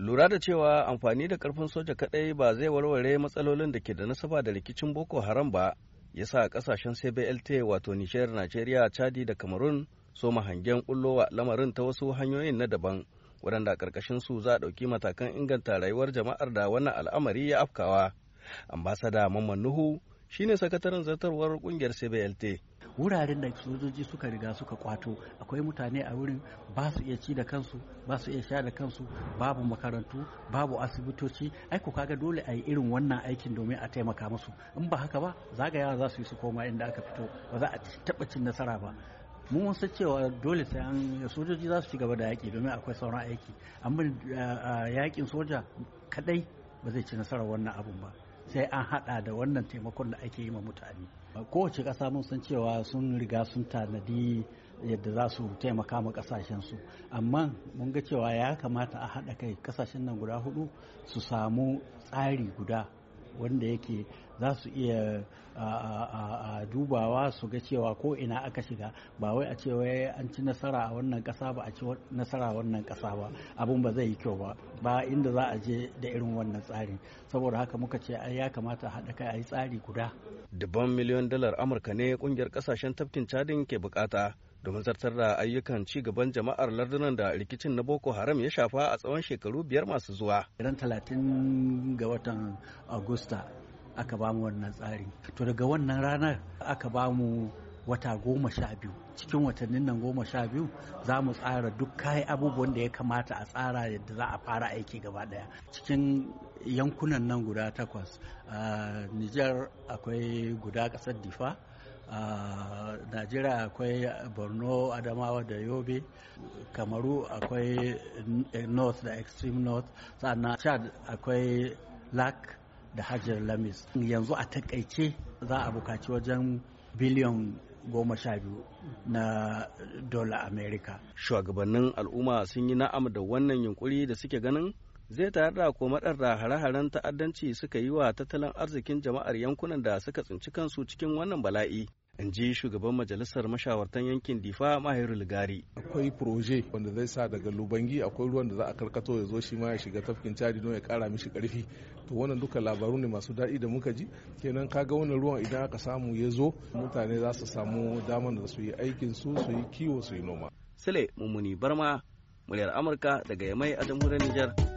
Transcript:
lura da cewa amfani da karfin soja kadai ba zai warware matsalolin da ke da nasaba da rikicin boko haram ba ya sa kasashen cblt wato nishiyar najeriya chadi da cameroon so hangen kullowa lamarin ta wasu hanyoyin na daban waɗanda karkashin su za a ɗauki matakan inganta rayuwar jama'ar da wannan al'amari ya afkawa ambasada mamman nuhu shine sakataren zartarwar ƙungiyar cblt wuraren da sojoji suka riga suka kwato akwai mutane a wurin ba su iya ci da kansu ba su iya sha da kansu babu makarantu babu asibitoci ai kaga dole a yi irin wannan aikin domin a taimaka musu in ba haka ba zagayawa za su yi su koma inda aka fito ba za a taɓa cin nasara ba mu mun san cewa dole sai an sojoji za su ci gaba da yaƙi domin akwai sauran aiki amma eh, eh, yaƙin soja kadai ba zai ci nasarar wannan abun ba sai an hada da wannan taimakon da ake yi ma mutane kowace ƙasa mun san cewa sun riga sun tanadi yadda za su taimaka ma su amma mun ga cewa ya kamata a haɗa kai ƙasashen nan guda hudu su samu tsari guda wanda yake za su iya dubawa su ga cewa ko ina aka shiga ba wai a ce wai an ci nasara a wannan kasa ba a ci nasara a wannan kasa ba abun ba zai yi kyau ba ba inda za a je da irin wannan tsari saboda haka muka ce ya kamata haɗa kai a yi tsari guda dubban miliyon dalar amurka ne kungiyar kasashen tafkin cadin ke bukata domin zartar da ayyukan ci gaban jama'ar lardunan da rikicin na boko haram ya shafa a tsawon shekaru biyar masu zuwa ran talatin ga watan agusta aka ba mu wannan tsari to daga wannan ranar aka ba mu wata goma sha biyu cikin watannin nan goma sha biyu za mu tsara duk kayan abubuwan da ya kamata a tsara yadda za a fara aiki gaba daya cikin yankunan nan guda takwas a niger akwai guda kasar difa a najeriya akwai borno adamawa da yobe kamaru akwai eh, north da extreme north sannan chad akwai lak da hajjar lamis yanzu a takaice za a bukaci wajen biliyan goma sha biyu na dola amerika shugabannin al'umma sun yi na'am da wannan yunkuri da suke ganin zai tare da komadar da hare-haren ta'addanci suka yi wa tattalin arzikin jama'ar yankunan da suka tsinci kansu cikin wannan bala'i in ji shugaban majalisar mashawartan yankin difa mahiru ligari akwai proje wanda zai sa daga lubangi akwai ruwan da za a karkato ya zo shi ma ya shiga tafkin cadi don ya kara mishi karfi to wannan duka labaru ne masu daɗi da muka ji kenan kaga wannan ruwan idan aka samu ya zo mutane za su samu damar da su yi aikin su su yi kiwo su yi noma sile mummuni barma muryar amurka daga yamai a jamhuriyar nijar